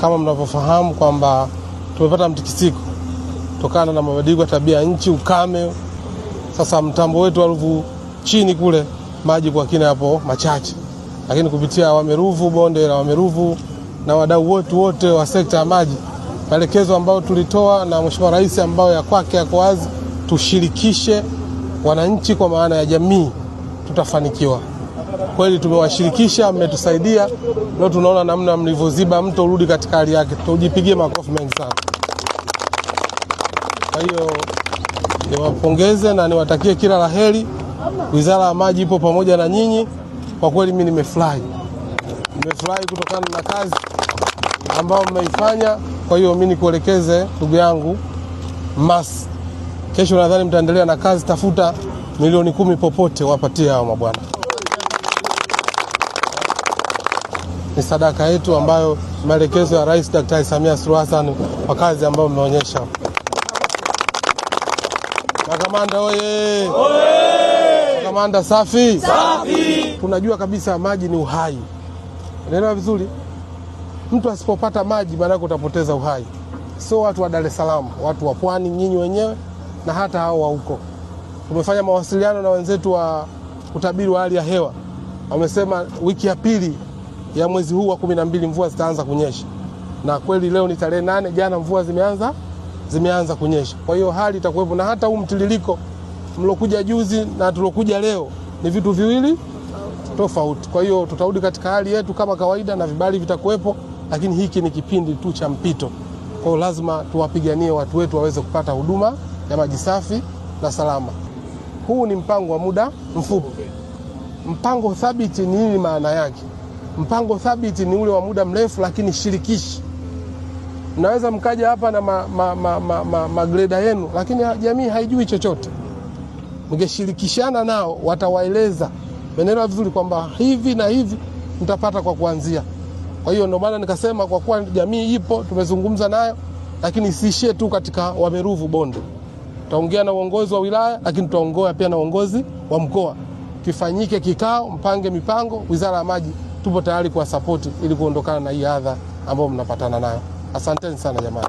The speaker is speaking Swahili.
Kama mnavyofahamu kwamba tumepata mtikisiko kutokana na mabadiliko ya tabia nchi, ukame. Sasa mtambo wetu wa Ruvu chini kule maji kwa kina hapo machache, lakini kupitia Wameruvu, bonde la Wameruvu na wadau wetu wote wa sekta ya maji, maelekezo ambayo tulitoa na Mheshimiwa Rais ambayo ya kwake yako wazi, tushirikishe wananchi kwa maana ya jamii, tutafanikiwa kweli tumewashirikisha, mmetusaidia. ndio tunaona namna mlivyoziba mto urudi katika hali yake, tujipigie makofi mengi sana. Kwa hiyo niwapongeze na niwatakie kila la heri. Wizara ya Maji ipo pamoja na nyinyi. Kwa kweli mimi nimefurahi, nimefurahi kutokana na kazi ambayo mmeifanya. Kwa hiyo mimi nikuelekeze ndugu yangu Mas, kesho nadhani mtaendelea na kazi, tafuta milioni kumi popote wapatie hao mabwana. ni sadaka yetu ambayo maelekezo ya Rais Daktari Samia Suluhu Hassan kwa kazi ambayo mmeonyesha. Makamanda oye! Makamanda safi, safi. Tunajua kabisa maji ni uhai, unaelewa vizuri. Mtu asipopata maji, maana yake utapoteza uhai. Sio watu wa Dar es Salaam, watu wa Pwani, nyinyi wenyewe na hata hao wa huko. Tumefanya mawasiliano na wenzetu wa utabiri wa hali ya hewa, wamesema wiki ya pili ya mwezi huu wa kumi na mbili mvua zitaanza kunyesha, na kweli leo ni tarehe nane, jana mvua zimeanza zimeanza kunyesha. Kwa hiyo hali itakuwepo, na hata huu mtiririko mlokuja juzi na tulokuja leo ni vitu viwili tofauti. Kwa hiyo tutarudi katika hali yetu kama kawaida na vibali vitakuwepo, lakini hiki ni kipindi tu cha mpito. Kwa hiyo lazima tuwapiganie watu wetu waweze kupata huduma ya maji safi na salama. Huu ni mpango wa muda mfupi. Mpango thabiti ni nini maana yake? Mpango thabiti ni ule wa muda mrefu lakini shirikishi. Mnaweza mkaja hapa na magreda ma, ma, ma, ma, ma yenu, lakini jamii haijui chochote. Mngeshirikishana nao, watawaeleza menelewa vizuri kwamba hivi na hivi mtapata kwa kuanzia. Kwa hiyo ndio maana nikasema kwa kuwa jamii ipo, tumezungumza nayo, lakini siishie tu katika Wameruvu Bonde. Tutaongea na uongozi wa wilaya, lakini tutaongea pia na uongozi wa mkoa, kifanyike kikao, mpange mipango. Wizara ya Maji tupo tayari kuwasapoti ili kuondokana na hii adha ambayo mnapatana nayo. Asanteni sana jamani.